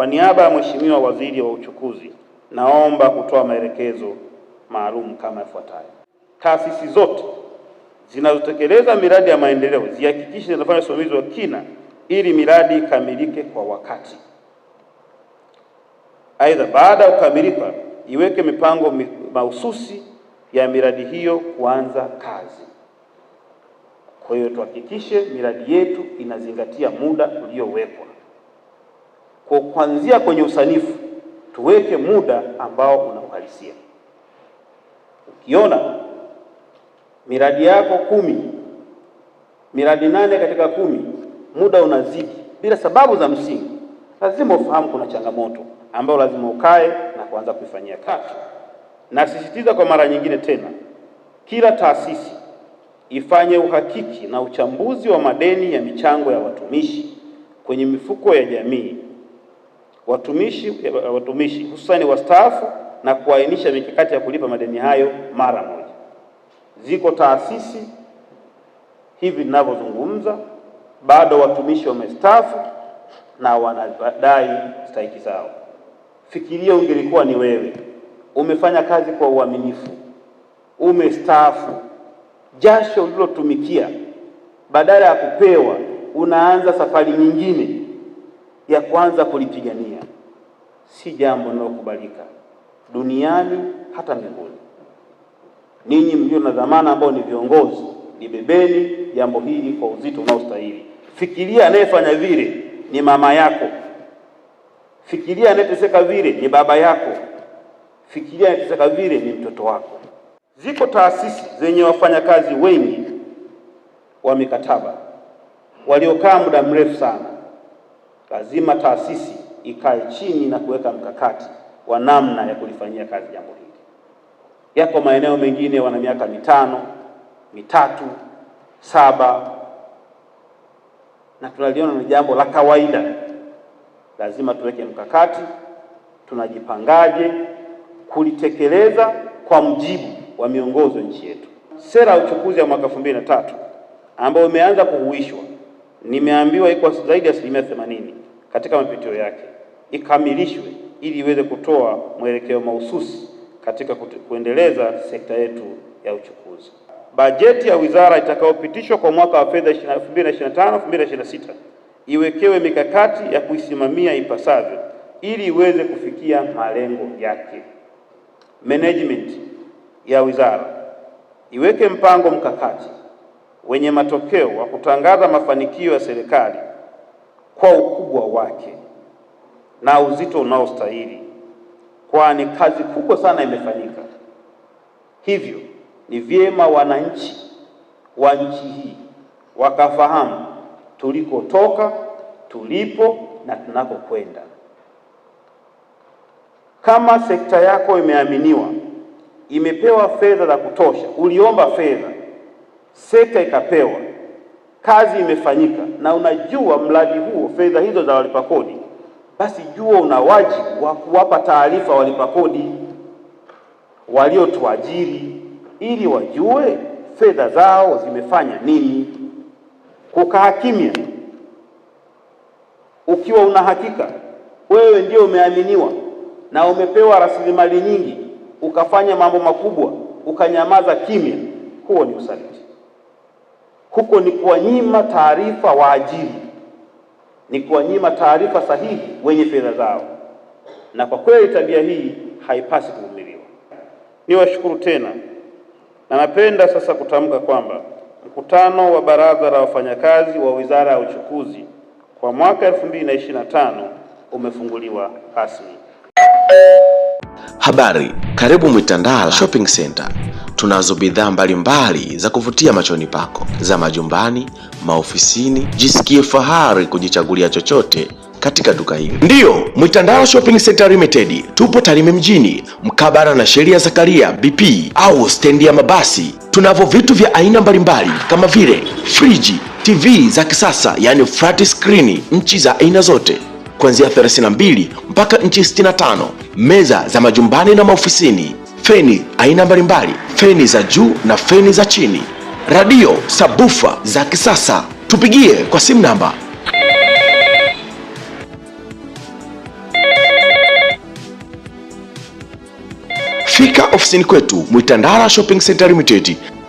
Kwa niaba ya Mheshimiwa Waziri wa Uchukuzi, naomba kutoa maelekezo maalum kama ifuatayo: taasisi zote zinazotekeleza miradi ya maendeleo zihakikishe zinafanya usimamizi wa kina ili miradi ikamilike kwa wakati. Aidha, baada ya kukamilika iweke mipango mahususi ya miradi hiyo kuanza kazi. Kwa hiyo tuhakikishe miradi yetu inazingatia muda uliowekwa. Kwa kuanzia kwenye usanifu tuweke muda ambao una uhalisia. Ukiona miradi yako kumi, miradi nane katika kumi, muda unazidi bila sababu za msingi, lazima ufahamu kuna changamoto ambayo lazima ukae na kuanza kuifanyia kazi. Nasisitiza kwa mara nyingine tena, kila taasisi ifanye uhakiki na uchambuzi wa madeni ya michango ya watumishi kwenye mifuko ya jamii watumishi watumishi hususani wastaafu na kuainisha mikakati ya kulipa madeni hayo mara moja. Ziko taasisi hivi ninavyozungumza bado watumishi wamestaafu na wanadai stahiki zao. Fikiria ungelikuwa ni wewe, umefanya kazi kwa uaminifu, umestaafu, jasho ulilotumikia badala ya kupewa unaanza safari nyingine ya kwanza kulipigania si jambo linalokubalika duniani hata mbinguni. Ninyi mlio na dhamana ambao ni viongozi, libebeni jambo hili kwa uzito unaostahili. Fikiria anayefanya vile ni mama yako, fikiria anayeteseka vile ni baba yako, fikiria anayeteseka vile ni mtoto wako. Ziko taasisi zenye wafanyakazi wengi wa mikataba waliokaa muda mrefu sana lazima taasisi ikae chini na kuweka mkakati wa namna ya kulifanyia kazi jambo hili. Yako maeneo mengine wana miaka mitano, mitatu, saba, na tunaliona ni jambo la kawaida. Lazima tuweke mkakati, tunajipangaje kulitekeleza kwa mjibu wa miongozo nchi yetu. Sera ya uchukuzi ya mwaka elfu mbili na tatu ambayo imeanza kuhuishwa nimeambiwa iko zaidi ya asilimia themanini katika mapitio yake, ikamilishwe ili iweze kutoa mwelekeo mahususi katika kuendeleza sekta yetu ya uchukuzi. Bajeti ya wizara itakayopitishwa kwa mwaka wa fedha 2025 2026 iwekewe mikakati ya kuisimamia ipasavyo ili iweze kufikia malengo yake. Management ya wizara iweke mpango mkakati wenye matokeo wa kutangaza mafanikio ya serikali kwa ukubwa wake na uzito unaostahili, kwani kazi kubwa sana imefanyika. Hivyo ni vyema wananchi wa nchi hii wakafahamu tulikotoka, tulipo na tunakokwenda. Kama sekta yako imeaminiwa, imepewa fedha za kutosha, uliomba fedha sekta ikapewa kazi imefanyika, na unajua mradi huo fedha hizo za walipa kodi, basi jua una wajibu wa kuwapa taarifa walipa kodi waliotuajiri, ili wajue fedha zao zimefanya nini. Kukaa kimya ukiwa una hakika wewe ndio umeaminiwa na umepewa rasilimali nyingi, ukafanya mambo makubwa, ukanyamaza kimya, huo ni usaliti huko ni kuwanyima taarifa waajiri, ni kuwanyima taarifa sahihi wenye fedha zao, na kwa kweli tabia hii haipasi kuvumiliwa. Niwashukuru tena na napenda sasa kutamka kwamba mkutano wa baraza la wafanyakazi wa wizara ya uchukuzi kwa mwaka 2025 umefunguliwa rasmi. Habari, karibu Mwitandala Shopping Center. Tunazo bidhaa mbalimbali za kuvutia machoni pako za majumbani, maofisini. Jisikie fahari kujichagulia chochote katika duka hili. Ndiyo, Mwitandala Shopping Center Limited, tupo Tarime mjini mkabara na sheria Zakaria BP au stendi ya mabasi. Tunavyo vitu vya aina mbalimbali kama vile friji, TV za kisasa yani flat screen, nchi za aina zote kuanzia 32 mpaka nchi 65 meza za majumbani na maofisini, feni aina mbalimbali, feni za juu na feni za chini, radio, sabufa za kisasa. Tupigie kwa simu namba Fika ofisini kwetu Mwitandara Shopping Center Limited.